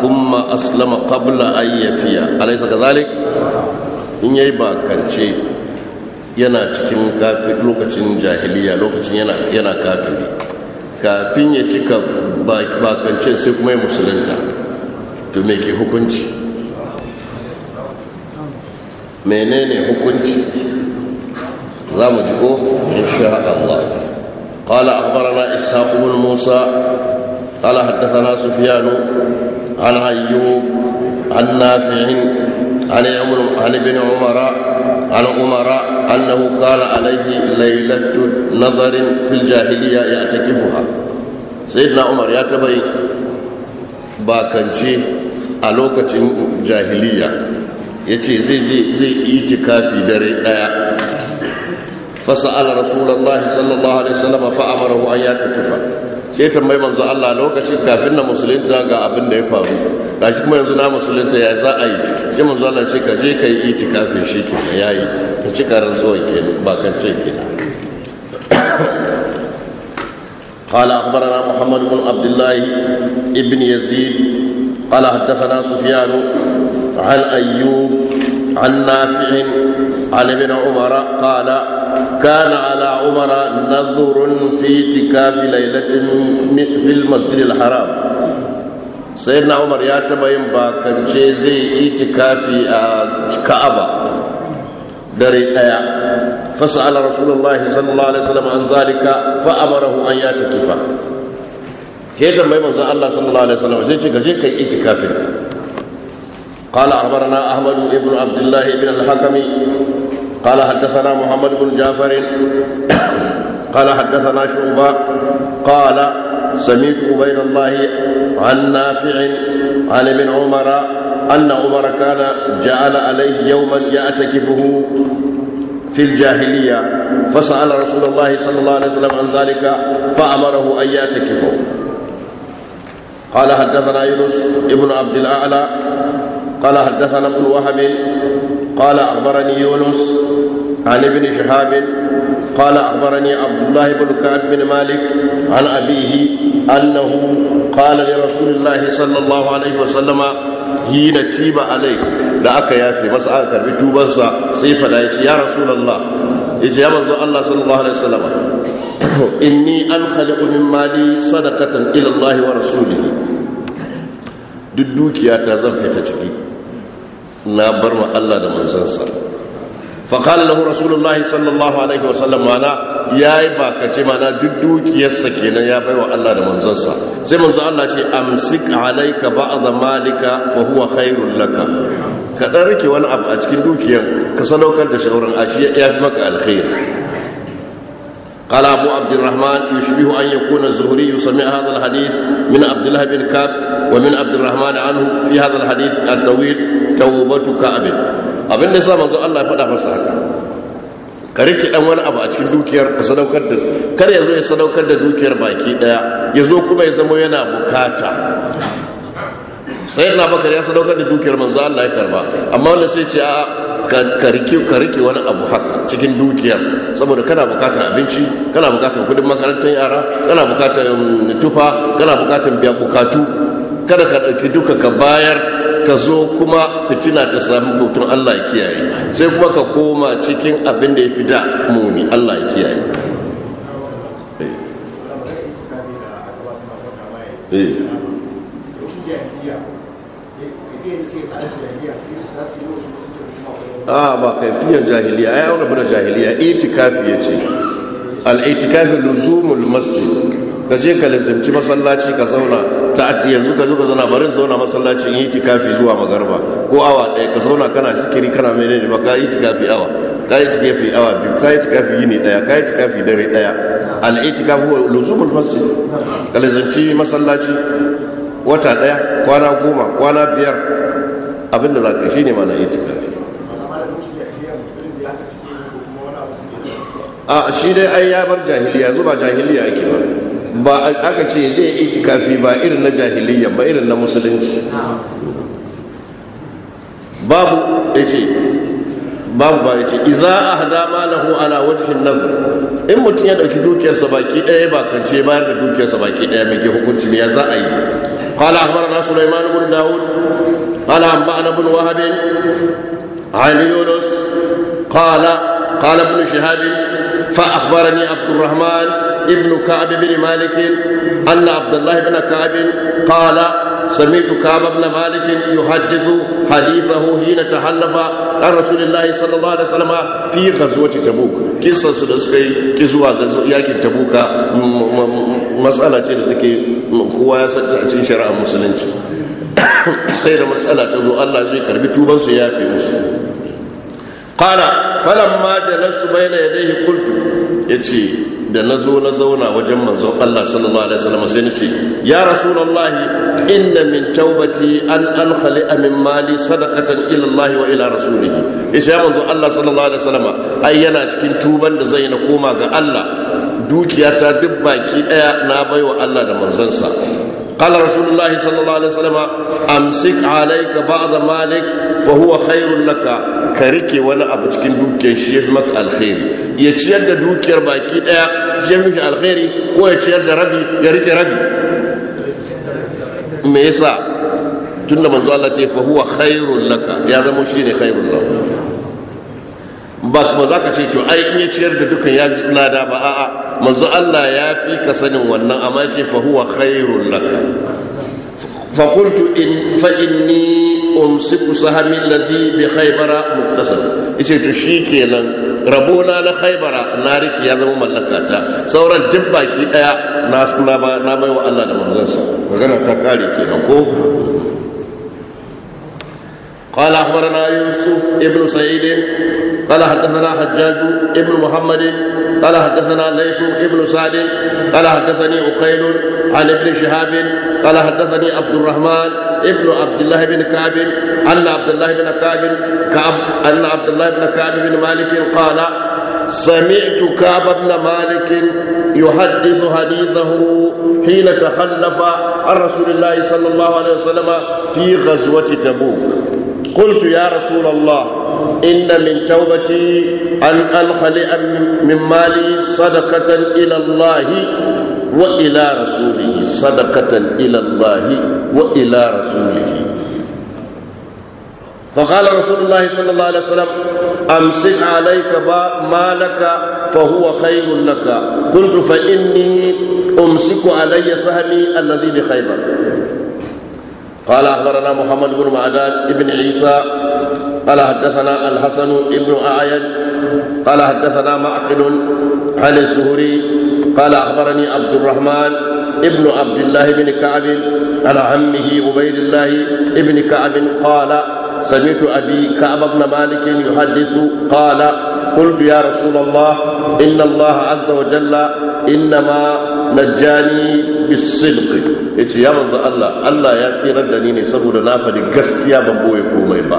thumma aslama qabla an yafiya alaysa kadhalik in yayi bakance yana cikin kafir lokacin jahiliya lokacin yana yana kafiri kafin ya cika bakance sai kuma ya musulunta to me ke hukunci menene hukunci za mu ji ko insha Allah qala akhbarana ishaq ibn musa. قال حدثنا سفيان عن ايوب عن نافع عن عمر عن ابن عمر عن عمر انه قال عليه ليله نظر في الجاهليه يعتكفها سيدنا عمر يا باكنشي a lokacin jahiliya ya ce zai itikafi dare daya fasa'ala rasulallah sallallahu alaihi wasallam fa amara an ya sai tambayi manzo Allah lokaci kafin na musulunta ga abin da ya faru shi kuma yanzu na musulunta ya za a yi sai manzo Allah ce ka je ka yi itikafin shi kenan yayi ka ci karar zuwa kenan ba kan ce kenan قال اخبرنا محمد بن عبد الله ابن يزيد قال حدثنا سفيان عن ايوب عن نافع عن ابن عمر قال كان على عمر نظر في اعتكاف ليلة في المسجد الحرام سيدنا عمر يا تبين باكنشي زي اعتكافي كعبة دري آية فسأل رسول الله صلى الله عليه وسلم عن ذلك فأمره أن يعتكف كيف ما يمنزل الله صلى الله عليه وسلم زي كجي كي اعتكافي قال أخبرنا أحمد بن عبد الله بن الحكم قال حدثنا محمد بن جعفر قال حدثنا شعبة قال سمعت عبيد الله عن نافع عن ابن عمر أن عمر كان جعل عليه يوما يعتكفه في الجاهلية فسأل رسول الله صلى الله عليه وسلم عن ذلك فأمره أن يعتكفه قال حدثنا يونس ابن عبد الأعلى قال حدثنا ابن وهب قال أخبرني يونس عن ابن شهاب قال أخبرني عبد الله بن كعب بن مالك عن أبيه أنه قال لرسول الله صلى الله عليه وسلم hina da aka yafe masa aka karbi tubansa sai fada ya ce ya rasulallah ya ce ya manzo Allah sallallahu alaihi wasallam inni an khaliqu min mali sadaqatan ila Allah wa duk zan fita ciki na bar ma Allah da manzansa faƙali lahu rasulullahi sallallahu alaihi wasallam mana ya yi ce mana duk dukiyarsa kenan ya baiwa Allah da manzansa sai manzo Allah ce amsik alaika ba'da malika fa huwa khairul laka ka dan rike wani abu a cikin dukiyar ka sadaukar da shaurin ashi ya fi maka alkhairi قال abu عبد الرحمن an yakuna يكون الزهري يسمع هذا min من bin الله wa min ومن عبد الرحمن عنه في هذا taubatu ka'abin abin da ya sa manzo Allah ya faɗa masa haka ka rike dan wani abu a cikin dukiyar ka sadaukar da kar ya zo ya sadaukar da dukiyar baki daya ya zo kuma ya zama yana bukata sai na bakar ya sadaukar da dukiyar manzo Allah ya karba amma wannan sai ce a ka rike ka rike wani abu haka cikin dukiyar saboda kana bukatar abinci kana bukatar kudin makarantar yara kana bukatar um, tufa kana bukatar biya bukatu kada ka ɗauki duka ka bayar ka zo kuma fitina ta samu mutum Allah ya kiyaye sai kuma ka koma cikin abin da ya fi da muni Allah ya kiyaye eh. eh. a ah, ba kaifiyar jahiliya ya wani bada jahiliya itikafi ya ce al'itikafi luzumul masjid ka je ka lissimci masallaci ka zauna ati yanzu ka zuka zana barin zauna masallacin itikafi zuwa magarba ko awa ɗaya ka zauna kana sikiri kana menene ba ka itikafi awa ka itikafi awa biyu ka yi itikafi yini ɗaya ka yi itikafi dare ɗaya al-itikafi wa luzumul masjid kalizanci masallaci wata ɗaya kwana goma kwana biyar abinda za ka shi ne mana itikafi a shi dai ai ya bar jahiliya yanzu ba jahiliya ake ba ba aka ce je itikafi ba irin na jahiliya ba irin na musulunci babu ya ce babu ba ya ce iza ahda malahu ala wajhin nazar in mutum ya dauki dukiyarsa baki daya ba kance bayar da dukiyarsa baki daya mai ke hukunci ya za a yi قال اخبرنا سليمان بن داود قال انبانا بن وهب عن يونس قال قال ابن شهاب فاخبرني عبد الرحمن ابن كعب بن مالك أن عبد الله بن كعب قال سمعت كعب بن مالك يحدث حديثه حين تحلف عن رسول الله صلى الله عليه وسلم في غزوة تبوك قصة سلسكي كزوة غزوة ياكي تبوك مسألة تلتكي قواسة تأتين شرع المسلمين sai da matsala ta zo Allah zai karbi tubansu ya fi musu qala falamma jalastu bayna yadayhi qultu yace da na zo na zauna wajen manzon Allah sallallahu alaihi wasallam sai nace ya rasulullah inna min taubati an ankhali min mali sadaqatan ila Allah wa ila rasulih yace ya manzon Allah sallallahu alaihi wasallam ai yana cikin tuban da zai na koma ga Allah dukiyata duk baki daya na baiwa Allah da manzansa قال رسول الله صلى الله عليه وسلم امسك عليك بعض مالك فهو خير لك كريك وانا ابو cikin dukiyar shi yafi ya ciyar da dukiyar baki ɗaya shi alheri ko ya ciyar da rabi ya rike rabi me yasa tunda manzo Allah ce fa huwa ya zama shine khairul ba kuma za ka ce to ai in ya ciyar da dukan ya fi lada ba a'a manzo Allah ya fi ka sanin wannan amma ce fa huwa khairul lak fa qultu in fa inni umsiku sahami alladhi bi khaybara muktasab yace to shikenan rabona na khaybara na riki ya zama mallakata sauran duk baki daya na na bai wa Allah da manzon sa magana ta kare kenan ko قال أخبرنا يوسف ابن سعيد قال حدثنا حجاج ابن محمد قال حدثنا ليث ابن سعد قال حدثني أقيل عن ابن شهاب قال حدثني عبد الرحمن ابن عبد الله بن كعب أن عبد الله بن كعب كعب أن عبد الله بن كعب بن مالك قال سمعت كعب بن مالك يحدث حديثه حين تخلف عن رسول الله صلى الله عليه وسلم في غزوة تبوك قلت يا رسول الله إن من توبتي أن أنخلع من مالي صدقة إلى الله وإلى رسوله صدقة إلى الله وإلى رسوله فقال رسول الله صلى الله عليه وسلم أمسك عليك مالك فهو خير لك قلت فإني أمسك علي سهمي الذي بخيبر قال أخبرنا محمد بن معدان بن عيسى قال حدثنا الحسن بن أعين قال حدثنا معقل عن الزهري قال أخبرني عبد الرحمن ابن عبد الله بن كعب عن عمه عبيد الله بن كعب قال سمعت أبي كعب بن مالك يحدث قال قلت يا رسول الله إن الله عز وجل إنما najjani bisilqi yace ya manzo Allah Allah ya tsira da ni ne saboda na faɗi gaskiya ban boye komai ba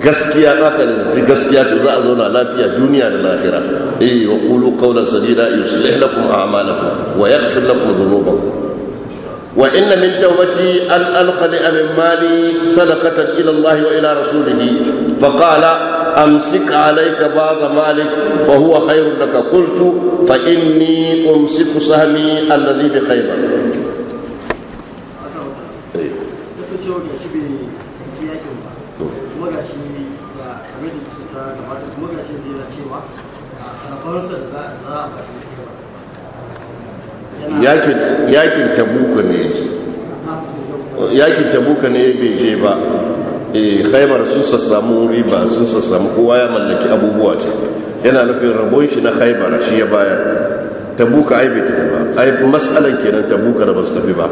gaskiya aka da gaskiya to za a zauna lafiya duniya da lahira eh wa qulu qawlan sadida yuslih lakum a'malakum wa yaghfir lakum dhunubakum wa inna min tawbati an alqali min mali sadaqatan ila Allah wa ila rasulih fa qala أمسك عليك بعض مالك فهو خير لك قلت فإني أمسك سهمي الذي بخير yakin tabuka ne ya tabuka je ba e khaybar sun sassamu riba sun sassamu kowa ya mallaki abubuwa ce yana nufin rabon shi na khaybar shi ya bayar tabuka ai bai tafi ba ai mas'alan kenan tabuka da ba su tafi ba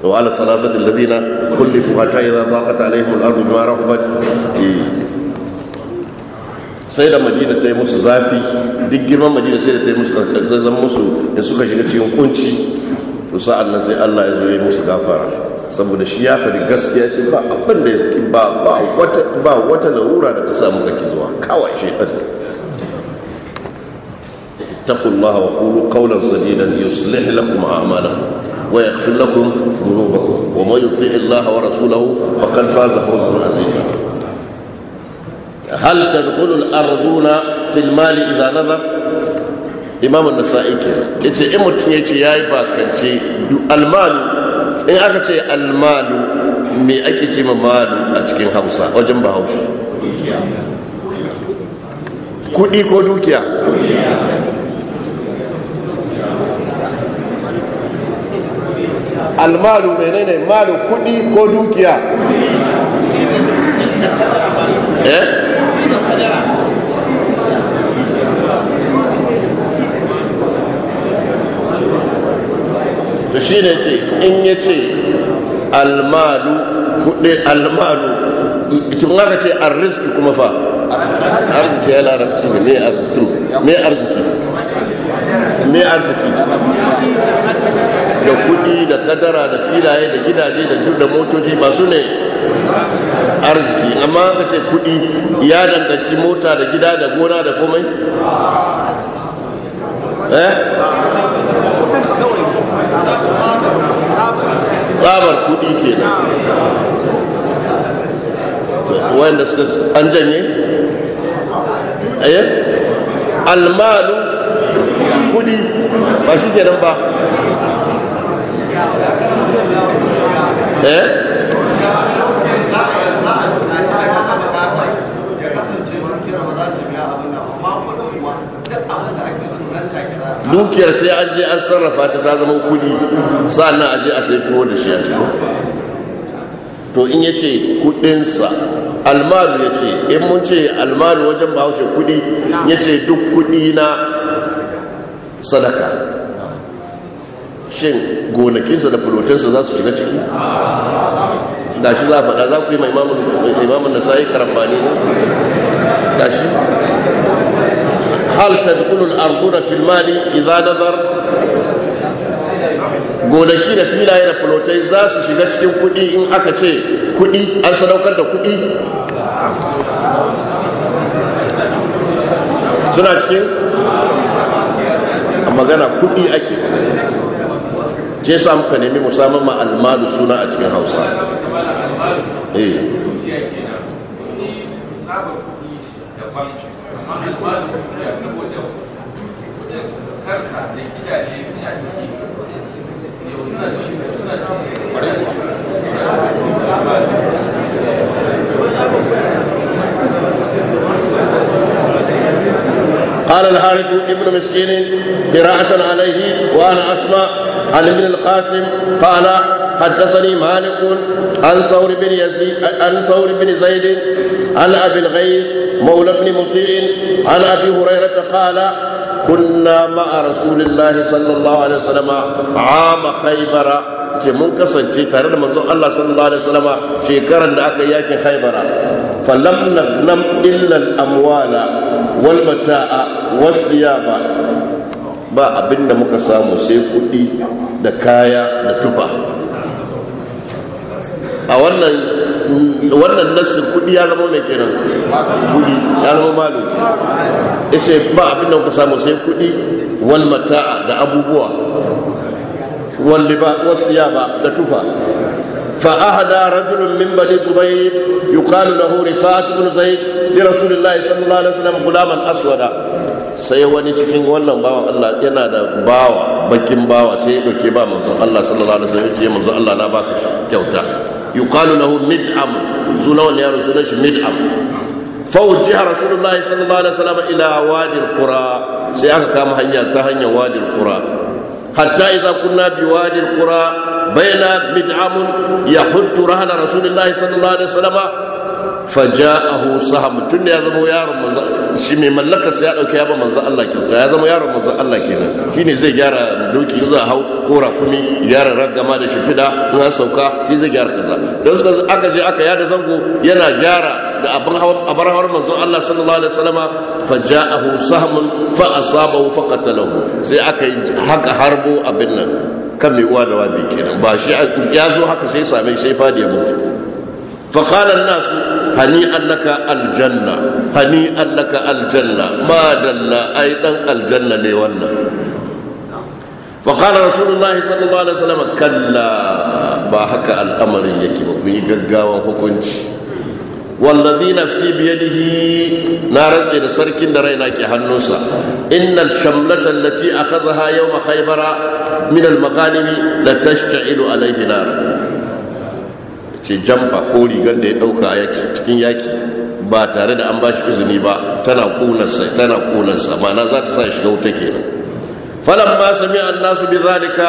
to ala salatati ladina kullifu hatta idza daqat alaihim al-ardu bima rahabat eh. sai da madina ta yi musu zafi duk girman madina sai da ta yi musu zazzan musu da suka shiga cikin kunci to sa'an nan sai Allah ya zo ya musu gafara saboda shi ya fari gaskiya ce ba abin da ba ba wata ba wata larura da ta samu ke zuwa kawai shi ɗan taqullaha wa qulu qawlan sadidan yuslih lakum a'malakum wa ya yaghfir lakum dhunubakum wa may yuti' Allah wa rasulahu faqad faza a zai hal ta al-arduna fi al-mali idha nadhar ya ce nasai kenan ce in mutun yace yayi bakance almalu in aka ce almalu me ake ce ma malu a cikin hausa wajen bahaushe kudi ko dukiya almalu menene malu kudi ko dukiya eh to shi ne ce in ya ce almalu kuɗe almalu tun aka ce arziki kuma fa arziki ya larabci ne mai arziki mai arziki mai arziki da kuɗi da kadara da filaye da gidaje da duk da motoci masu ne arziki amma aka ce kuɗi ya danganci mota da gida da gona da komai eh tsabar ke nan wanda suka an janye ayyar eh? almalu kudi ba shi nan ba eh dukiyar sai an je an sarrafa ta ta zama kudi sannan a je a sai tuwo da shi a cikin to in ya ce kudinsa almaru ya ce in mun ce almaru wajen ba haushe kudi ya ce duk kudi na sadaka shin gonakinsa da fulotinsa za su shiga ciki da shi za a faɗa za ku yi ma imamun yi karambani ne da shi هل تدخل الأرضون في المال إذا نظر gonaki da filaye da fulotai za su shiga cikin kudi in aka ce kudi an sadaukar da kudi suna cikin magana kudi ake ke sa nemi musamman ma'almalu almalu suna a cikin hausa eh قال الحارث ابن مسكين قراءة عليه وأنا أسمع عن ابن القاسم قال حدثني مالك عن ثور بن يزيد عن ثور بن زيد عن ابي الغيث مولى بن مطيع عن ابي هريره قال كنا مع رسول الله صلى الله عليه وسلم عام خيبر ce mun kasance tare da manzon Allah sallallahu alaihi wasallama shekarar da aka yakin Khaibara falam nam illa al-amwala wal mata'a was ba ba abinda muka samu sai kudi da kaya da tufa a wannan nasu kudi ya zama mai kenan kudi ya zama malu ce ba abinda muka samu sai kudi wal da abubuwa wal liba da tufa فأهدى رجل من بني ضبيب يقال له رفاعة بن زيد لرسول الله صلى الله عليه وسلم غلاما أسودا sai wani cikin wannan bawan Allah yana da bawa bakin bawa sai ya dauke ba manzon Allah sallallahu alaihi wasallam ce manzon Allah na baka kyauta yuqalu lahu mid'am suna wannan yaro sunan shi mid'am fa ujiha rasulullahi sallallahu alaihi wasallam ila wadi alqura sai aka kama hanya ta hanyar wadi hatta idza kunna bi بين مدعم يحط رهن رسول الله صلى الله عليه وسلم فجاءه صهم تن يا زمو يا رب shi mai mallaka ya dauke ya ba manzo Allah kyauta ya zama yaron manzo Allah kenan shine zai gyara doki zai hau ko rakumi gyara ragama da shifida in an sauka shi zai gyara kaza don suka aka je aka yada zango yana gyara da abin abar hawar manzo Allah sallallahu alaihi wasallama faja'ahu sahmun fa asabahu fa qatalahu sai aka haka harbo abin nan kan mai uwa da wabi kenan ba shi ya zo haka sai sami shi sai fadi ya mutu fa qala an hani annaka al-janna hani annaka al-janna ma dalla ai dan ne wannan fa qala rasulullahi sallallahu alaihi wasallam kalla ba haka al'amarin amrin yake ba mu yi gaggawan hukunci wallazi nafsi biyadihi na rantse da sarkin da raina ke hannunsa innal shamlata allati akhadhaha yawma khaybara min al maghanimi la tashta'ilu alayhi nar ce jamfa ko rigar da ya dauka yaki cikin yaki ba tare da an bashi izini ba tana kunarsa tana kunarsa mana za ta sa shiga wuta kenan falan sami'a an-nasu bi zalika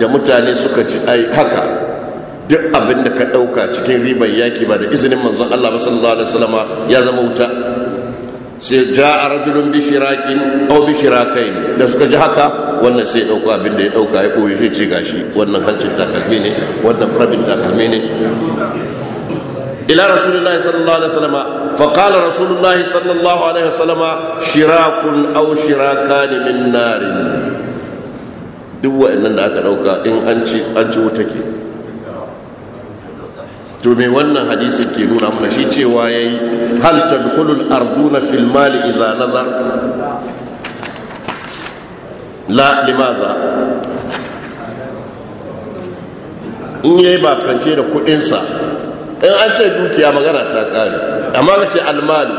da mutane suka ci ai haka duk abin da ka ɗauka cikin ribar yaki ba da izinin manzon Allah ba sallallahu alaihi wasallama ya zama wuta sai ja a rajulun bishirakin au bishirakai da suka ji haka wannan sai ɗauka abin da ya ɗauka ya koyi sai ce gashi wannan hancin takalmi ne wannan rabin takalmi ne ila rasulullahi sallallahu alaihi wasallama sallallahu alaihi الله shirakun au عليه min narin. Duk wa'annan da aka دو in an ci an ci wuta ke to me wannan hadisin ke nuna mana shi cewa yayi hal tadkhulul arduna fil mali idza nazar la limaza in yayi bakance da kudin sa in an ce dukiya magana ta kare amma ka ce al-malu. almal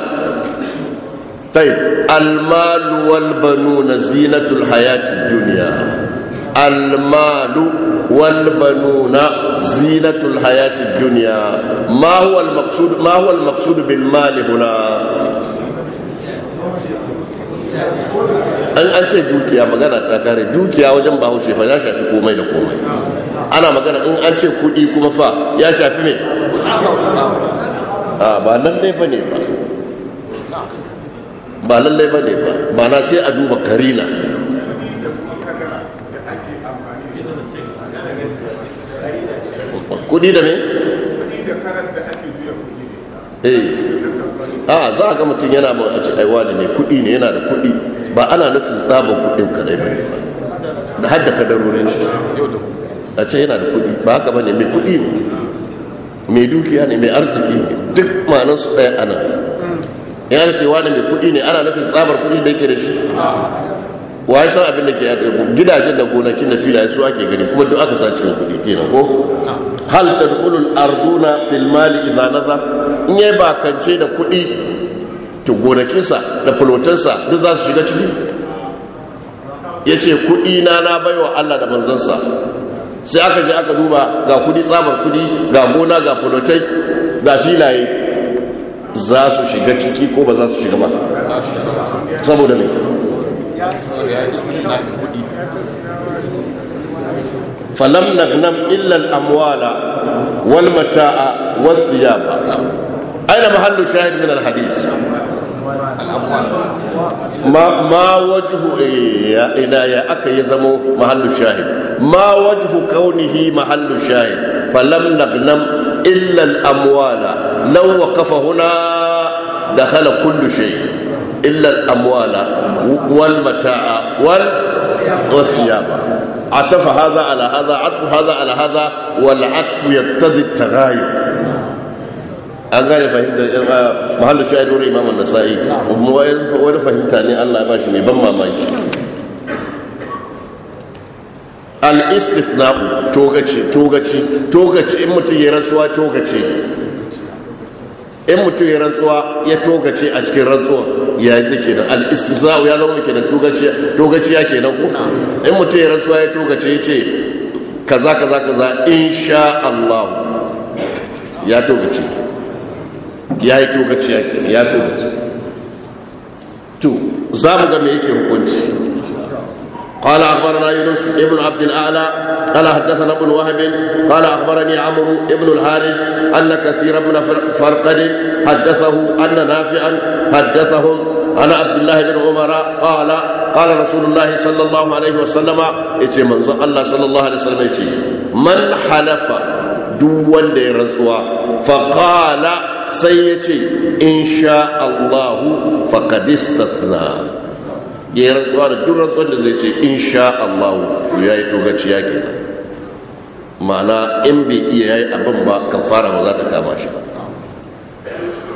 tayyib almal wal banuna zinatul hayatid dunya المال والبنون زينة الحياة الدنيا ما هو المقصود ما هو المقصود بالمال هنا an an ce dukiya magana ta kare dukiya wajen ba bahaushe fa ya shafi komai da komai ana magana in an ce kudi kuma fa ya shafi me a ba lallai ba ne ba ba lallai ba ne ba ba na sai a duba karina kudi da me a eh. ah, za a ga mutum yana mun a ci aiwani ne kudi ne yana da kudi ba ana nufin tsabon kudin kadai ba da hadda kadarorin shi a ce yana da kudi ba haka ba ne mai kudi ne mai dukiya ne mai arziki ne duk ma'anar su daya ana yana hmm. ce wani mai kudi ne ana nufin tsabar kudi da yake da shi ah. wa ya san abin da ke yaɗa gidajen da gonakin da filaye su ake gani kuma duk aka sa cikin kuɗi kenan ko hal tadkhulul arduna fil mali idza nazar in yayi bakance da kuɗi to gonakinsa da fulotansa duk za su shiga ciki yace kuɗi na na baiwa Allah da manzansa sai aka je aka duba ga kuɗi tsabar kuɗi ga gona ga fulotai ga filaye za su shiga ciki ko ba za su shiga ba saboda ne ya istisna kudi falam nagnam illa al-amwala wal mata'a was thiyaba aina mahallu shahid min al-hadith ما ما وجه إلى يا أك يزمو محل Ma ما eh, kaunihi كونه محل Falam فلم nam illal الأموال لو وقف هنا دخل كل شيء إلا الأموال والمتاع والثياب عطف هذا على هذا عطف هذا على هذا والعطف يقتضي التغاير an gane fahimta mahallin shahid wurin imam nasa'i wani fahimta ne allah ba shi mai ban mamaki al-istifna togace togace togace in mutum ya rasuwa togace in mutum ya rantsuwa ya togace a cikin rantsuwa ya yi suke nan al'istiza'u ya zama kenan togaciya kenan ko in mutum ya rantsuwa ya togace ya ce kaza kaza kaza insha Allah ya togace ya yi ke kenan ya togace to za mu ga me yake hukunci قال اخبرنا يونس ابن عبد الاعلى قال حدثنا ابن وهب قال اخبرني عمرو ابن الحارث ان كثير بن فرقد حدثه ان نافعا حدثهم عن عبد الله بن عمر قال قال رسول الله صلى الله عليه وسلم يتي منزو الله صلى الله عليه وسلم يتي من حلف دون دي رنسوا فقال سيتي ان شاء الله فقد استثنى ya yi rantsuwa da duk rantsuwar da zai ce insha Allah ya yi tokaci ya kenan ma'ana in bai iya yayi abin ba fara ba za ta kama shi ba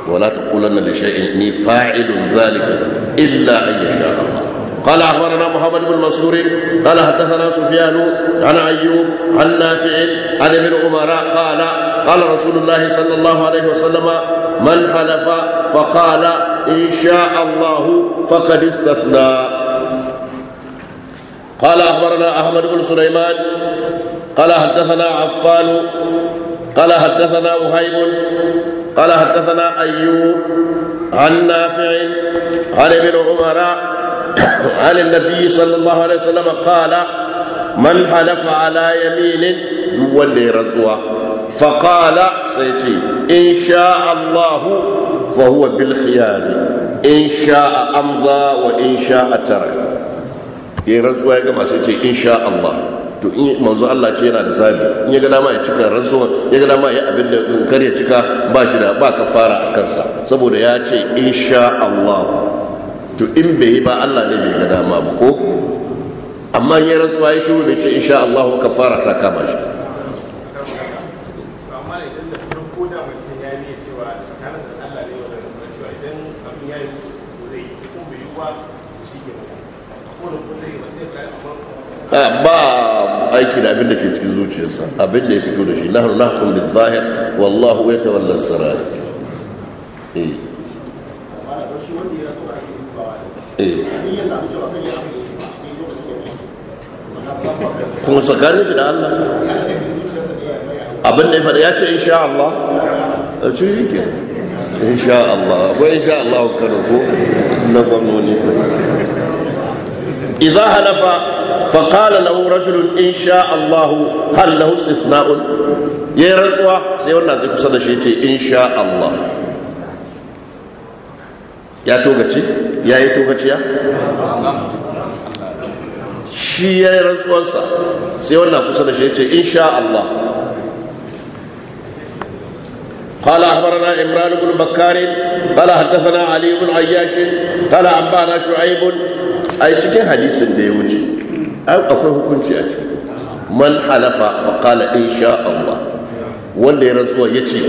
wala taqulanna li shay'in ni fa'ilun dhalika illa an yasha Allah قال اخبرنا محمد بن منصور قال حدثنا سفيان عن ايوب عن نافع عن ابن عمر قال قال رسول الله صلى الله عليه وسلم من حلف فقال إن شاء الله فقد استثنى قال أخبرنا أحمد بن سليمان قال حدثنا عفان قال حدثنا وهيب قال حدثنا أيوب عن نافع عن ابن عمر عن النبي صلى الله عليه وسلم قال من حلف على يمين يولي رزوه فقال سيتي إن شاء الله فهو بالخيار إن شاء أمضى وإن شاء ترك يرزوا يا جماعة إن شاء Allah. to in manzo Allah ce yana da zabi in ya ga dama ya cika rantsuwa ya ga dama ya abin da kar ya cika ba shi da ba kafara a kansa saboda ya ce insha Allah to in bai yi ba Allah ne bai ga dama ba ko amma in ya rantsuwa ya shiru bai ce insha Allah kafara ta kama shi Eh, ba aiki da abin da ke cikin zuciyarsa abin da ya fito da shi nahnu nahkum bil zahir wallahu ya sarar eh, eh. kuma tsakanin shi da Allah abin da ya faɗa ya ce in sha Allah a eh, ce shi ke insha Allah ko insha Allah karo ko na gwamnoni idan halafa فقال له رجل ان شاء الله هل له استثناء يا رزوا سي wannan zai kusa da shi yace in sha Allah ya togace ya yi togace ya shi ya yi rantsuwarsa sai wannan kusa da shi yace in sha Allah قال أخبرنا إمران بن بكار قال حدثنا علي بن عياش قال أنبانا شعيب أي تكي حديث akwai hukunci a ciki man halafa faƙala in sha Allah wanda ya rantsuwa ya ce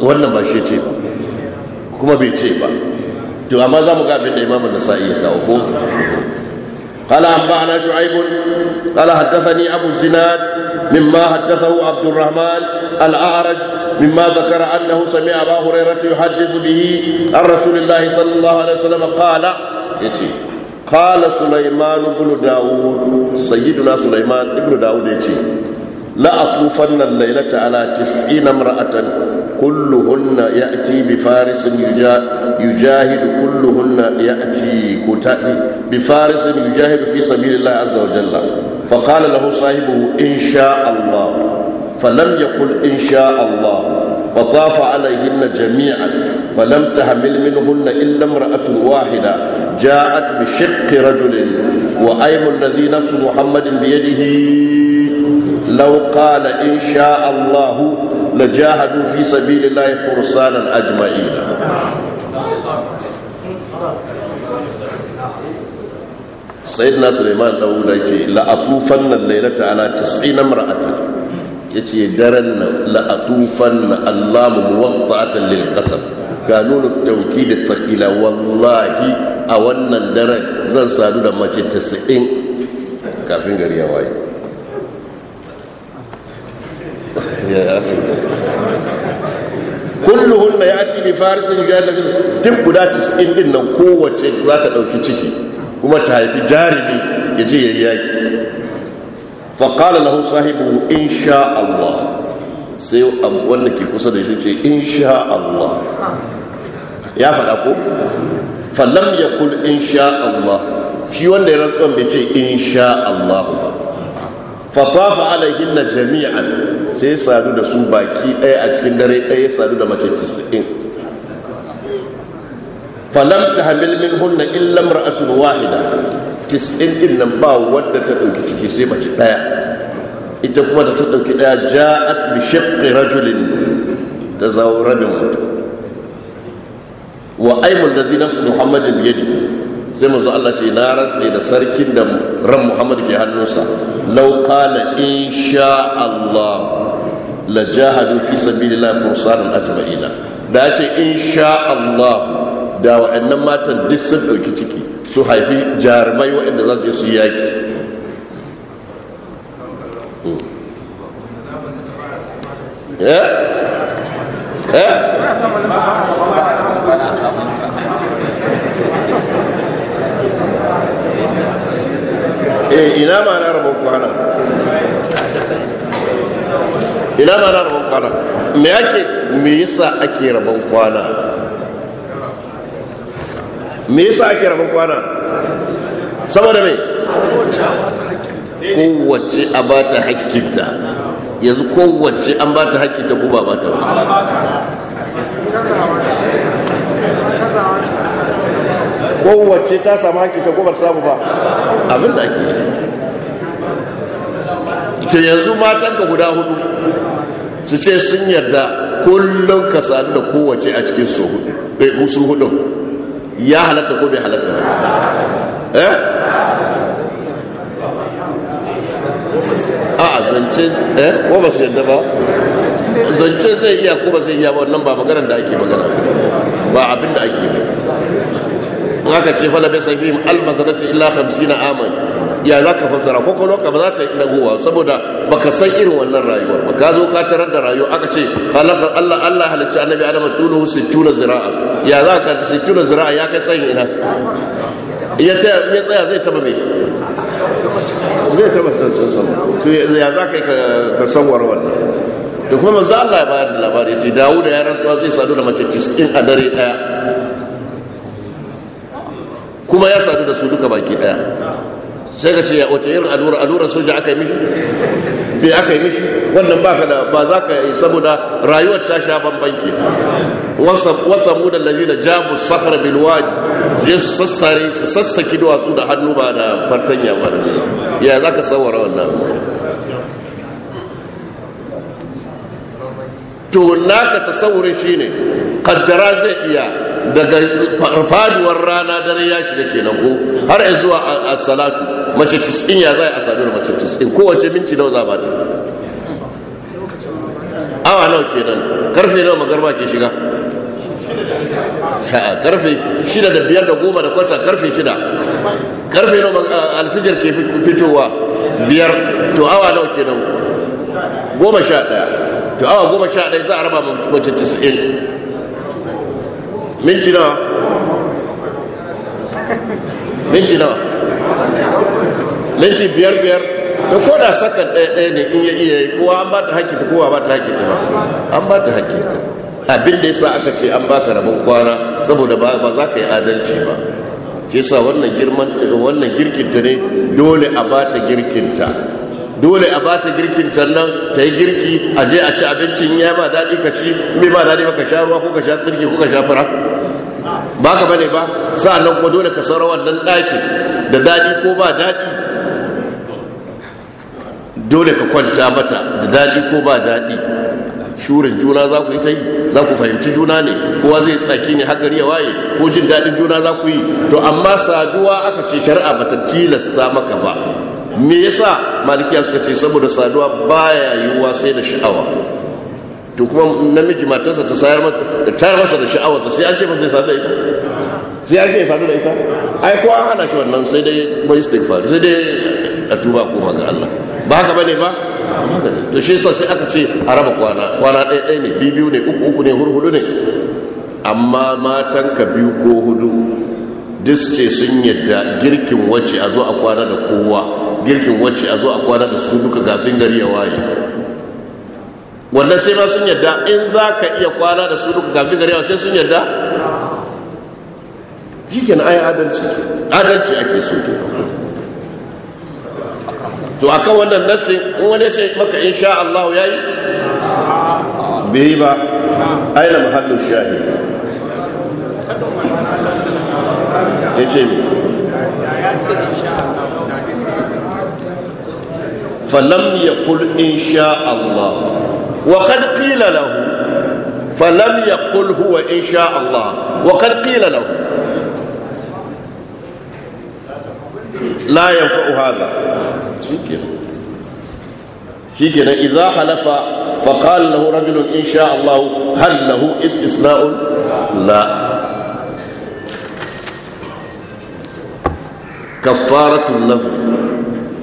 wannan ba shi ce ba kuma bai ce ba to amma za mu ga abin da imamun nasa'i ya kawo ko قال أنبأنا شعيب قال حدثني أبو الزناد مما حدثه عبد الرحمن الأعرج مما ذكر أنه سمع أبا هريرة يحدث به عن رسول الله صلى الله عليه وسلم قال يتي kala suleiman ibn daud sayyiduna suleiman ibn daud yace la aqufanna laylata ala 90 imra'atan kulluhunna ya'ti bi farisin yujahidu kulluhunna ya'ti kutadi bi farisin yujahidu fi sabilillahi azza wa jalla fa qala lahu sahibuhu in allah fa lam yaqul in allah fa tafa alayhinna jami'an فلم تحمل منهن إلا امرأة واحدة جاءت بشق رجل وأيم الذي نفس محمد بيده لو قال إن شاء الله لجاهدوا في سبيل الله فرسانا أجمعين سيدنا سليمان داود يجي لأطوفن الليلة على تسعين امرأة يجي درن لأطوفن اللام موضعة للقسم ga nuna tauki da tsakila wallahi a wannan daren zan sadu da mace 90 kafin gari ya waye kullum hulɗa ya ci bi farisin duk guda 90 ɗin nan kowace za ta ɗauki ciki kuma ta haifi ne, ya je ya yaki faƙala hausa sahibu in sha Allah sai wanda ke kusa da shi ce in sha Allah ya faɗa ko falam ya kul insha Allah shi wanda ya rantsuwan bai ce insha Allah ba fatafa alaihin na jami'an sai ya sadu da su baki ɗaya a cikin dare ɗaya ya sadu da mace 90 falam ta hamil min hunna lamar mar'atun wahida 90 din nan ba wadda ta ɗauki ciki sai mace ɗaya ita kuma da ta ɗauki ɗaya ja'at bi shaqqi rajulin da zawo rabin mutum wa aimul ladhi nafsu muhammadin biyadihi sai mazu Allah ce na rantsa da sarkin da ran Muhammad ke hannunsa law na insha Allah la jahadu fi sabilillah fursanan ajma'ina da ya ce insha Allah da wa'annan matan duk sun dauki ciki su haifi jarumai wa'anda za su yaki hmm. eh eh Eh, ina ma na rabon kwana ina ma na rabon kwana me yake me yasa ake rabon kwana me yasa ake rabon kwana saboda me kowace a ba ta hakkinta yanzu kowace an ba ta hakkinta ko ba ba ta kowace ta samu hakkinta ko ba ta samu ba abin da ake yi ta yanzu matanka guda hudu su ce sun yarda kullum ka sadu da kowace a cikin su hudu eh, ya halatta ko bai halatta ba eh a zance eh ko ba su yarda ba zance zai iya ko ba zai iya ba wannan ba maganar da ake magana ba abin da ake ba haka ce fala bai safihim alfa sanata illa 50 aman ya za ka fassara ka ba za ta nagowa saboda baka san irin wannan rayuwar ba ka zo ka tarar da rayuwa aka ce halakar Allah Allah halicci annabi Adam tunu tuna zira'a ya za ka tuna zira'a ya kai san ina ya taya ya tsaya zai taba me zai taba tsancin sama to ya za ka ka sanwar wannan da kuma za Allah ya bayar da labari ya ce dawo da yaran tsuwa zai sadu da mace cikin a dare daya kuma ya sadu da su duka baki daya sai ka ce wata wace irin alura alura soja aka yi mishi bai aka yi mishi wannan ba ka da ba za ka yi saboda rayuwar ta sha banbanki wata mu da da jamus safar bilwaji je su sassare su sassaki duwatsu da hannu ba da fartanya ba da ya za ka saurara wannan to naka tasawurin shine kaddara zai iya daga faduwar rana dare ya ke kenan ko har zuwa a salatu mace 90 ya zai a sadu da mace 90 kowace minti nawa za ba ta awa nawa kenan karfe nawa magarba ke shiga sha'a karfe shida da biyar da goma da kwata karfe shida karfe nawa alfijir ke fitowa biyar to awa nawa kenan goma sha daya to awa goma sha daya za a raba mace 90 minti nawa minti nawa minti biyar biyar da ko da sakan ɗaya ɗaya ne in ya iya yi kowa an ba ta haƙƙi ta kowa ba ta haƙƙi ta ba an ba ta haƙƙi ta abin da sa aka ce an baka rabin kwana saboda ba za ka yi adalci ba shi sa girman wannan girkinta ne dole a ba ta girkinta dole a bata girkin tannan ta yi girki a je a ci abincin ya ba daɗi ka ci mai ba daɗi ka sha ruwa ko ka sha tsirki ko ka sha fara ba ka bane ba nan kuma dole ka saura wannan ɗaki da daɗi ko ba daɗi dole ka kwanta mata da daɗi ko ba daɗi shurin juna za ku yi ta yi za ku fahimci juna ne kowa zai tsaki ne hakari ya waye ko jin daɗin juna za ku yi to amma saduwa aka ce shari'a ta tilasta maka ba me yasa malikiya suka ce saboda saduwa baya yiwuwa sai da sha'awa to kuma namiji matarsa ta sayar tayar masa da sha'awa sai an ce masa ya sadu da ita sai an ce ya sadu da ita ai kuwa an hana shi wannan sai dai bai istighfar sai dai a tuba koma ga Allah ba haka bane ba haka ne to shi yasa sai aka ce a raba kwana kwana ɗaya ɗaya ne biyu ne uku uku ne huru-huru ne amma matan ka biyu ko hudu duk ce sun yadda girkin wacce a zo a kwana da kowa girkin wacce a zo a kwana da su duka gafin gari ya waye wannan sai ma sun yarda in za ka iya kwana da su duka gafin gari ya waye sai sun yarda shi ke na adalci adalci ake so ke to a kan wannan nassin in wani sai maka in sha Allah ya yi bai yi ba aina mahallin shahi ya ce mi فلم يقل إن شاء الله وقد قيل له فلم يقل هو إن شاء الله وقد قيل له لا ينفع هذا شكرا إذا حلف فقال له رجل إن شاء الله هل له استثناء لا كفارة النذر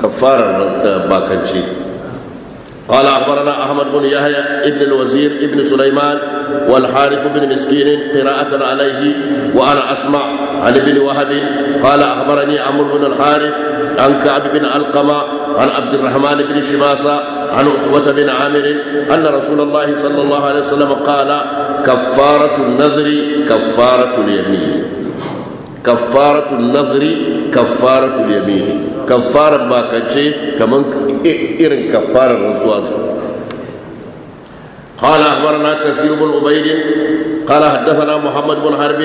كفارة باكنشي قال أخبرنا أحمد بن يحيى ابن الوزير ابن سليمان والحارث بن مسكين قراءة عليه وأنا أسمع عن ابن وهب قال أخبرني عمرو بن الحارث عن كعب بن علقمة عن عبد الرحمن بن شماسة عن عقبة بن عامر أن رسول الله صلى الله عليه وسلم قال كفارة النذر كفارة اليمين kaffaratul nazri kaffaratul yamini kaffarar bakance kaman irin kaffarar rantsuwa قال أخبرنا كثير بن عبيد قال حدثنا محمد بن حرب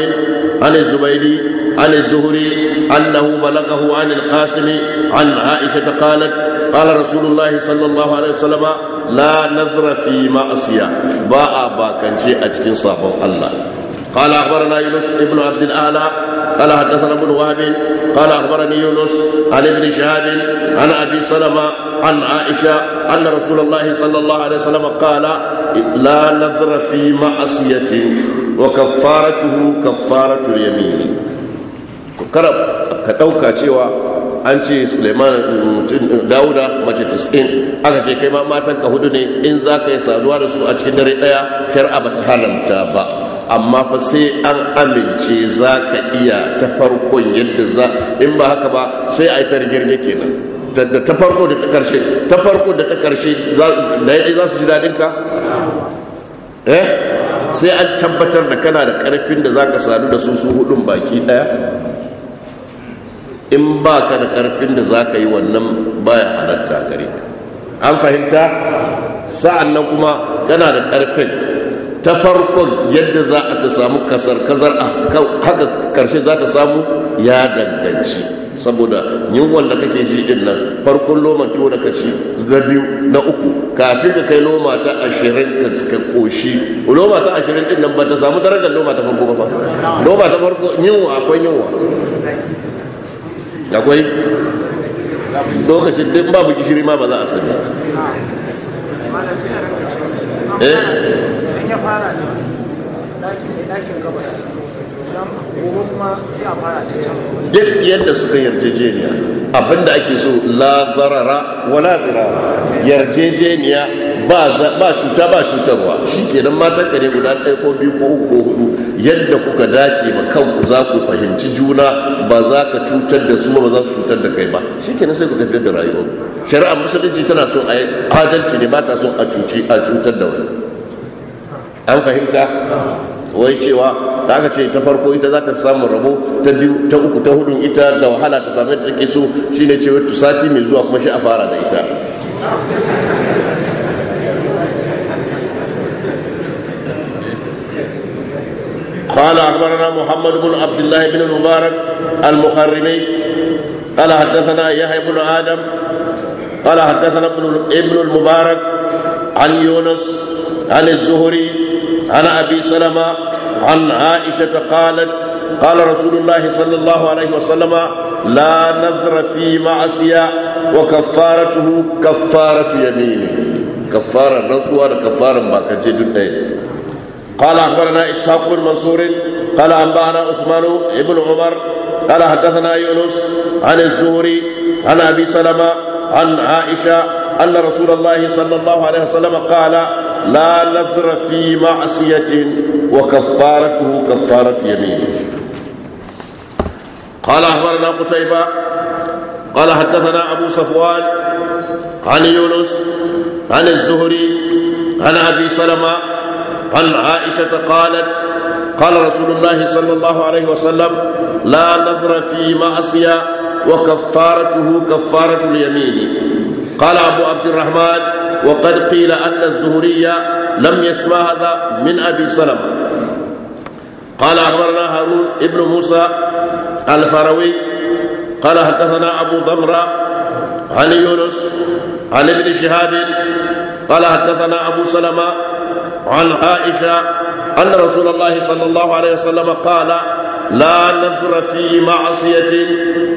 عن الزبيدي عن الزهري أنه بلغه عن القاسم عن عائشة قالت قال رسول الله صلى الله عليه وسلم لا نذر في معصية باء باكنشي أجتن صاحب الله قال أخبرنا يونس بن عبد الأعلى قال حدثنا ابن وهب قال اخبرني يونس عن ابن شهاب عن ابي سلمه عن عائشه ان رسول الله صلى الله عليه وسلم قال لا نذر في معصيه وكفارته كفاره اليمين كرب كتوكا cewa an ce suleiman dauda mace 90 aka ce kai ma matan ka hudu ne in za ka yi saduwa da su a cikin dare daya shar'a ba ta haramta ba amma fa sai an amince za ka iya ta farkon yadda za in ba haka ba sai a yi ta rigirge kenan da ta farko da ta karshe ta farko da ta karshe da ya za su ji daɗin ka eh sai an tabbatar da kana da ƙarfin da za ka sadu da su su hudun baki ɗaya in ba ka da ƙarfin da za ka yi wannan baya halatta gare an fahimta sa'an nan kuma kana da ƙarfin ta farkon yadda za a ta samu kasar kasar haka karshe za ta samu ya danganci saboda yunwan da kake ji din nan farkon loman tuwo da kaci na biyu na uku kafin ka kai loma ta ashirin ka koshi loma ta ashirin din nan ba ta samu darajar loma ta farko ba loma ta farko yunwa akwai yunwa akwai lokacin din babu gishiri ma ba za a sani eh ya fara ne ɗakin gabas idan gobe kuma sai a fara ta can duk yadda suka yarjejeniya abinda ake so la zarara wala zirara yarjejeniya ba cuta ba cutarwa shi kenan matan kare guda ɗaya ko biyu ko uku ko hudu yadda kuka dace ma kanku za ku fahimci juna ba za ka cutar da su ba za su cutar da kai ba shi kenan sai ku tafiyar da rayuwa shari'ar musulunci tana son a adalci ne ba ta son a cutar da wani an fahimta wai cewa da aka ce ta farko ita za ta samu rabo ta biyu ta uku ta hudu ita da wahala ta same da take so shine cewa tu sati mai zuwa kuma shi a fara da ita قال اخبرنا محمد بن عبد الله بن المبارك المخرمي قال حدثنا يحيى بن ادم قال حدثنا ابن المبارك عن يونس عن الزهري عن ابي سلمه عن عائشه قالت قال رسول الله صلى الله عليه وسلم لا نذر في معصيه وكفارته كفاره يمينه كفاره نصوى كفاره باكجي دنيا قال اخبرنا اسحاق بن منصور قال انبانا عثمان بن عمر قال حدثنا يونس عن الزهري عن ابي سلمه عن عائشه ان رسول الله صلى الله عليه وسلم قال لا نذر في معصية وكفارته كفارة يمين قال أخبرنا قتيبة قال حدثنا أبو صفوان عن يونس عن الزهري عن أبي سلمة عن عائشة قالت قال رسول الله صلى الله عليه وسلم لا نذر في معصية وكفارته كفارة اليمين قال أبو عبد الرحمن وقد قيل أن الزهري لم يسمع هذا من أبي سلمة قال أخبرنا هارون ابن موسى الفروي قال حدثنا أبو ضمرة عن يونس عن ابن شهاب قال حدثنا أبو سلمة عن عائشة أن رسول الله صلى الله عليه وسلم قال لا نذر في معصية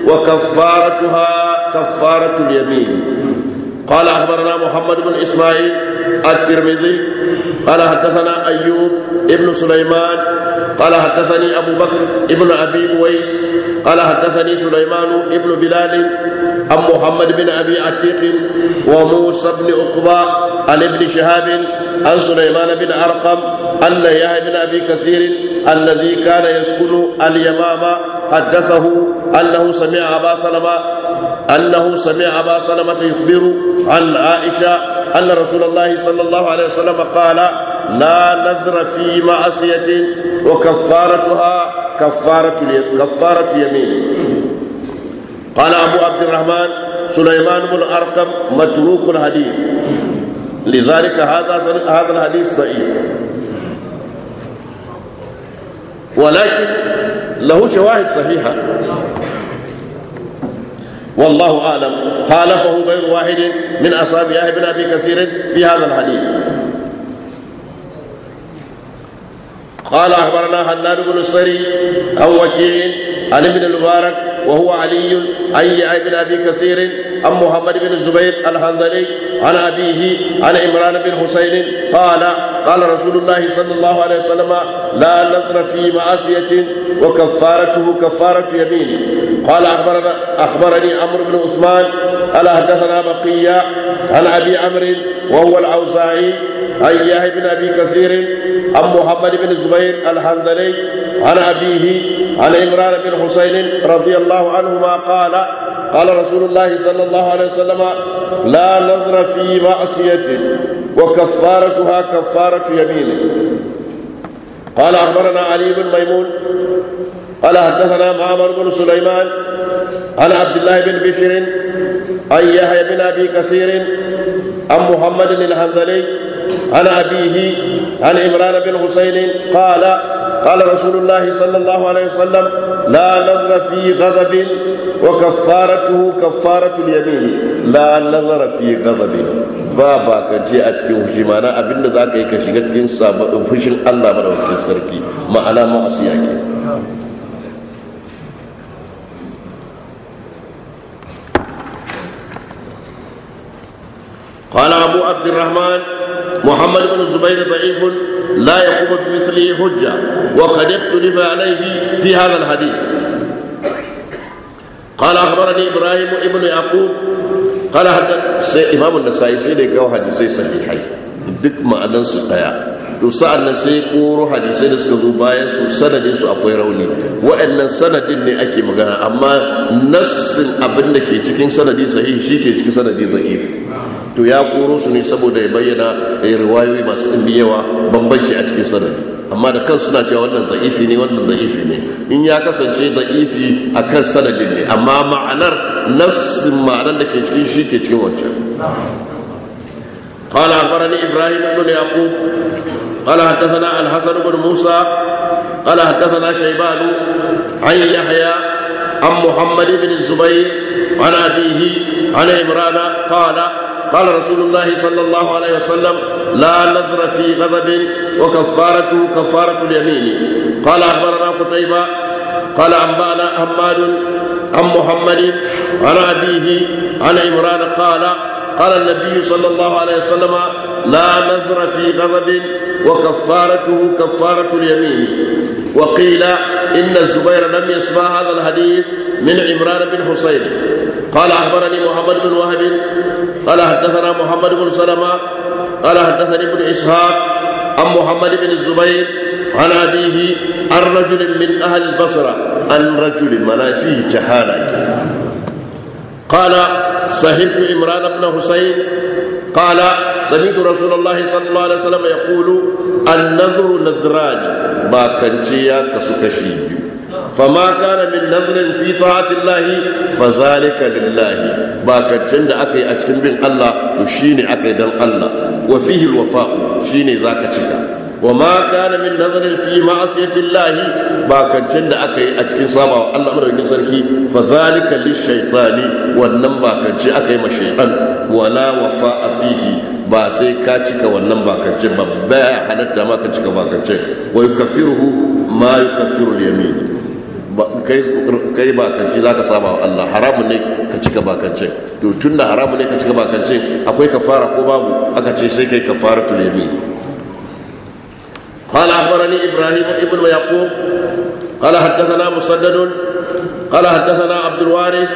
وكفارتها كفارة اليمين قال أخبرنا محمد بن إسماعيل الترمذي قال حدثنا أيوب ابن سليمان قال حدثني أبو بكر ابن أبي أويس قال حدثني سليمان ابن بلال عن محمد بن أبي عتيق وموسى بن عقبة عن ابن شهاب عن سليمان بن أرقم أن يحيى بن أبي كثير الذي كان يسكن اليمامة حدثه أنه سمع أبا سلمة أنه سمع أبا سلمة يخبر عن عائشة أن رسول الله صلى الله عليه وسلم قال لا نذر في معصية وكفارتها كفارة كفارة يمين قال أبو عبد الرحمن سليمان بن أرقم متروك الحديث لذلك هذا هذا الحديث ضعيف ولكن له شواهد صحيحة والله اعلم خالفه غير واحد من اصحاب بن ابي كثير في هذا الحديث قال اخبرنا حناد بن السري او وكيع عن ابن المبارك وهو علي اي بن ابي كثير عن محمد بن الزبير الحنظلي عن ابيه عن عمران بن حسين قال قال رسول الله صلى الله عليه وسلم لا نذر في معصية وكفارته كفارة يمين قال أخبرنا أخبرني عمرو بن عثمان قال حدثنا بقية عن أبي عمرو وهو الأوزاعي عن يحيى بن أبي كثير عن محمد بن زبير الحنظلي عن أبيه عن عمران بن حسين رضي الله عنهما قال قال رسول الله صلى الله عليه وسلم لا نظر في معصية وكفارتها كفارة يمينه قال أخبرنا علي بن ميمون قال حدثنا معمر بن سليمان عن عبد الله بن بشر عن يحيى بن أبي كثير عن محمد الحنظلي عن أبيه عن عمران بن حسين قال قال رسول الله صلى الله عليه وسلم لا نظر في غضب وكفارته كفارة اليمين لا نظر في غضب بابا كجي أتكي وشيمانا أبن ذاك يكشي قد جنسا فشل الله مدوكي سركي معنا معصيكي قال أبو عبد الرحمن محمد بن الزبير ضعيف لا يقوم بمثله حجة وقد اختلف عليه في هذا الحديث قال أخبرني إبراهيم ابن يعقوب قال حدث إمام النسائي سيدي كو حديثي صحيحي duk ma'anansu ɗaya to sa'an nan sai koro hadisai da suka zo bayan su sanadin akwai rauni waɗannan sanadin ne ake magana amma nassin abinda ke cikin sanadi sahi shi ke cikin sanadi to ya koro su ne saboda ya bayyana ya riwayoyi masu ɗimbi yawa bambanci a cikin sanadi amma da kan suna cewa wannan da'ifi ne wannan da'ifi ne in ya kasance da'ifi a kan sanadi ne amma ma'anar nafsin ma'anar da ke cikin shi ke cikin wancan قال أخبرني إبراهيم بن يعقوب قال حدثنا الحسن بن موسى قال حدثنا شيبان عن يحيى عن محمد بن الزبير عن أبيه عن إمرانا قال قال رسول الله صلى الله عليه وسلم لا نذر في غضب وكفارته كفارة اليمين قال أخبرنا قتيبة قال أنبأنا حماد عن محمد عن أبيه عن عمران قال قال النبي صلى الله عليه وسلم لا نذر في غضب وكفارته كفارة اليمين وقيل إن الزبير لم يسمع هذا الحديث من عمران بن حسين قال اخبرني محمد بن وهب قال حدثنا محمد بن سلمه قال حدثني ابن اسحاق عن محمد بن الزبير عن ابيه عن رجل من اهل البصره عن رجل منا فيه جهاله قال سهلت عمران بن حسين قال سمعت رسول الله صلى الله عليه وسلم يقول النذر نذران باكنتيا كسكشي fama kana min nazarin fi ta'atillahi fa zalika lillahi bakancin da aka yi a cikin bin Allah to shine aka yi dan Allah wa fihi alwafa'u shine zaka cika wa ma kana min nazarin fi ma'asiyatillahi bakancin da aka yi a cikin sabawa Allah madaukakin sarki fa zalika lishaytani wannan bakanci aka yi ma fihi ba sai ka cika wannan bakance ba baya halatta ma ka cika bakance wa yukaffiruhu ma yukaffiru yamin kai bakance za ka saba wa Allah haramun ne ka cika bakance to tun da haramun ne ka cika bakance akwai kafara ko babu aka ce sai kai kafara tu nemi qala akhbarani ibrahim ibn yaqub qala haddathana musaddad qala haddathana abd alwaris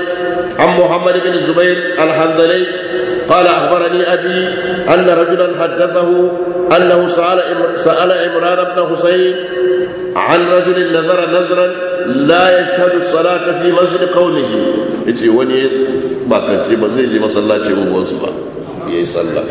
am muhammad ibn zubair al handali qala akhbarani abi anna rajulan haddathahu annahu sa'ala sa'ala imran ibn husayn عن رجل نذر la yashhadu salata fi masjid qaumihi yace wani bakance ba zai je masallacin uwansu ba yayi sallah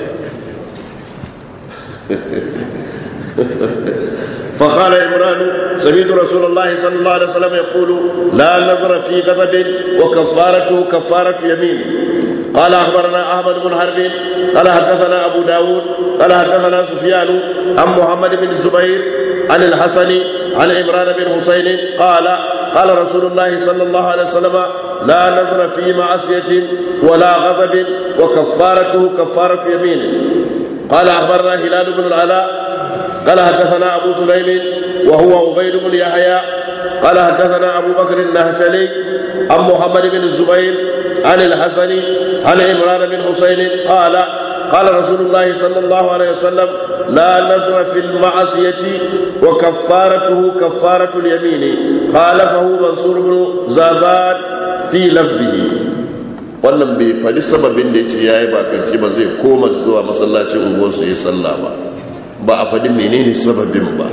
فقال عمران سمعت رسول الله صلى الله عليه وسلم يقول لا نظر في غضب وكفارته كفارة يمين قال أخبرنا أحمد بن حرب قال حدثنا أبو داود قال حدثنا سفيان عن محمد بن الزبير عن الحسن عن عمران بن حسين قال قال رسول الله صلى الله عليه وسلم لا نذر في معصية ولا غضب وكفارته كفارة يمين قال أخبرنا هلال بن العلاء قال حدثنا أبو سليم وهو عبيد بن يحيى قال حدثنا أبو بكر النهسلي عن محمد بن الزبير عن الحسن عن عمران بن حسين قال قال رسول الله صلى الله عليه وسلم لا نذر في المعصية وكفارته كفارة اليمين قال فهو منصور بن زابان في لفظه wannan bai faɗi sababin da ya ce ya yi bakanci ba zai koma zuwa masallacin unguwarsu ya sallah ba ba a faɗi menene sababin ba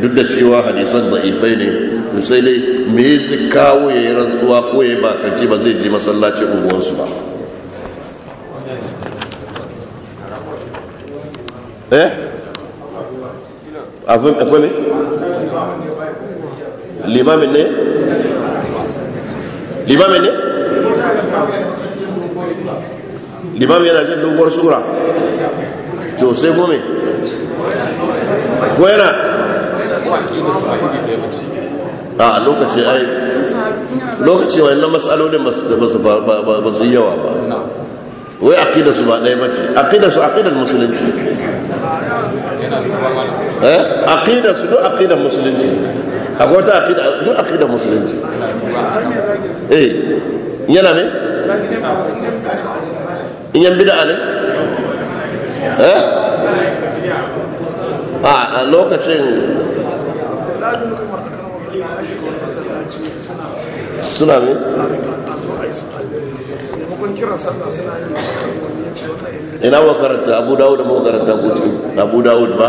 duk da cewa hadisan da'ifai ne sai me ya kawo ya yi rantsuwa ko ya yi bakanci ba zai je masallacin unguwarsu ba eh abin akwai ne limamin ne limamin ne limamin yana jin doguwar sura to sai gome ko yana a lokaci ai lokaci wa yawa ba wai aqida su ba ɗaya ba ce aqida su aqidar musulunci eh aqida su duk aqidar musulunci akwai ta aqida duk aqidar musulunci eh yana ne in yan bid'a ne eh a lokacin suna ne ina wa karanta abu dawud ba karanta kuce abu dawud ba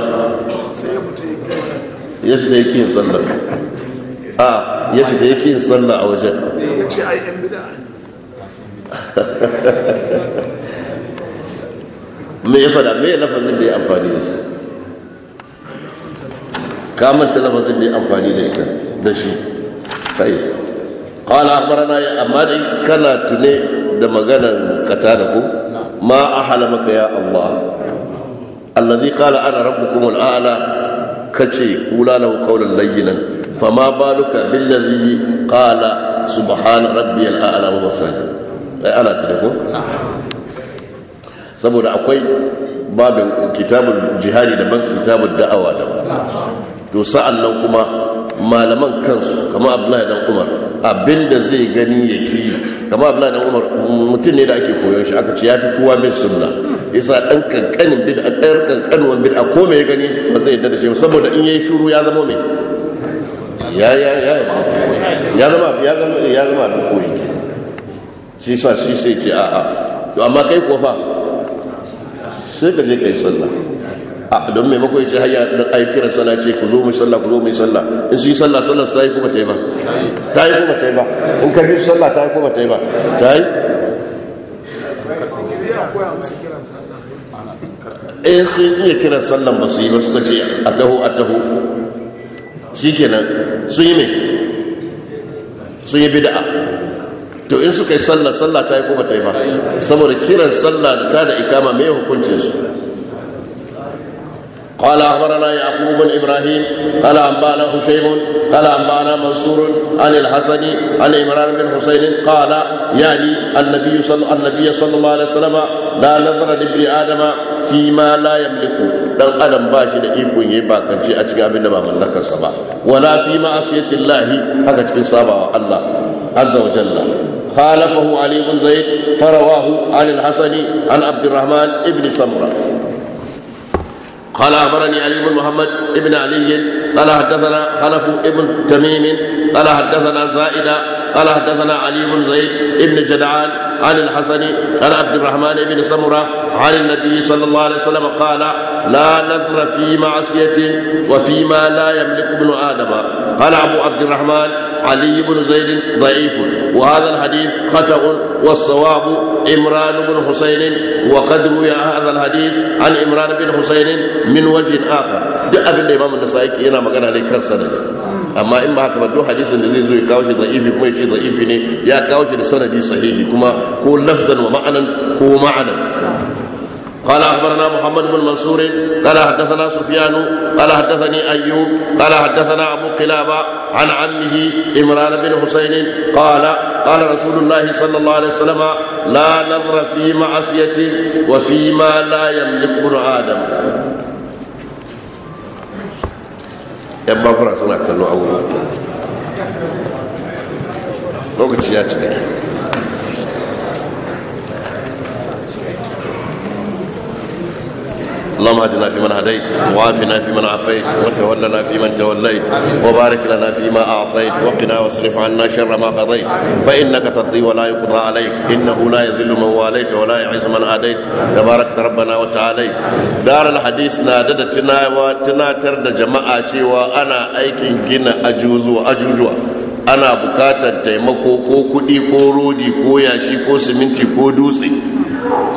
ya fita yake yin sallar a ah, ya fita yake yin sallar a wajen ya ce ai yan bida me ya fada me ya lafazin da ya amfani da shi kamar ta lafazin da ya amfani da ita da shi sai qala akhbarana amma dai kana tune da maganar katada ko ma ahala maka ya Allah allazi qala ana rabbukum al'ala kace kula lahu qawlan layyinan fama baluka billazi qala subhana rabbiyal a'la wa wasajid ai ana tune ko saboda akwai babin kitabun jihadi daban kitabun da'awa daban to sa'an nan kuma malaman kansu kama abdullahi dan umar abinda zai gani ya yi kama abdullahi dan umar mutum ne da ake koyon shi aka ce ya fi kowa bin sunna yasa dan kankanin a dan kankanin bid'a a kome ya gani ba zai yadda da shi saboda in yayi shuru ya zama me ya ya ya ya zama ya zama ya zama da koyi shi sa shi sai ce a'a to amma kai kofa sai ka je kai sallah Ah, don maimako ya ce hayya da aikira kiran sallah ce ku zo mu sallah ku zo mu sallah in su yi sallah sallah su ta yi kuma ta yi ba ta yi kuma ta yi ba in ka fi su sallah ta yi kuma ta yi ba ta yi eh sai yi kiran sallan ba su yi ba suka ce a taho a taho shikenan sun yi ne sun yi bid'a to in suka yi sallah sallah ta yi kuma ta yi ba saboda kiran sallah ta da ikama mai hukuncin su قال اخبرنا يعقوب بن ابراهيم قال انبانا هشيم قال انبانا منصور عن الحسن عن عمران بن حسين قال يعني النبي صلى النبي صلى الله عليه وسلم لا نظر لابن ادم فيما لا يملك دان ادم باشي da iko yayi ba kanci a cikin abin da ba mallakar sa ba wala fi ma'asiyati Allah haka cikin sabawa Allah azza wa jalla خالفه علي بن زيد فرواه عن الحسن عن عبد الرحمن ابن سمره قال أخبرني علي بن محمد بن علي قال حدثنا خلف بن تميم قال حدثنا زائدة قال حدثنا علي بن زيد بن جدعان عن الحسن عن عبد الرحمن بن سمرة عن النبي صلى الله عليه وسلم قال لا نذر في معصية وفيما لا يملك ابن آدم قال أبو عبد الرحمن علي بن زيد ضعيف وهذا الحديث خطأ والصواب عمران بن حسين وقد روي هذا الحديث عن عمران بن حسين من وجه آخر ده أبن الإمام النسائي كينا مغنى لكرسنك amma in ba haka ba duk hadisin da zai zo ya kawo shi da'ifi kuma ya ce da'ifi ne ya kawo shi da sanadi sahihi kuma ko lafzan wa ma'anan ko ma'anan قال اخبرنا محمد بن منصور قال حدثنا سفيان قال حدثني ايوب قال حدثنا ابو قلابه عن عمه عمران بن حسين قال قال رسول الله صلى الله عليه وسلم لا نظر في معصيه وفيما لا يملك ابن ادم yan babura suna kallon abubuwa lokaci ya cika. اللهم اهدنا فيمن هديت وعافنا فيمن عافيت وتولنا فيمن توليت وبارك لنا فيما اعطيت وقنا واصرف عنا شر ما قضيت فانك تقضي ولا يقضى عليك انه لا يذل من واليت ولا يعز من اديت تباركت ربنا وتعاليت دار الحديث نادت tunatar da jama'a cewa ana aikin gina ajuzuwa ajujuwa ana bukatar taimako ko kudi ko rodi ko yashi ko siminti ko dutse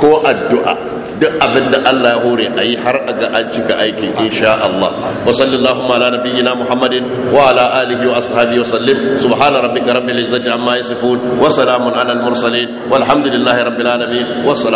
ko addu'a duk abin da Allah ya hore a yi har a ga an cika aikin insha Allah wa sallallahu ala nabiyyina Muhammadin wa ala alihi wa ashabihi wa sallim subhana rabbika rabbil izzati amma yasifun wa salamun ala al mursalin walhamdulillahi rabbil alamin wa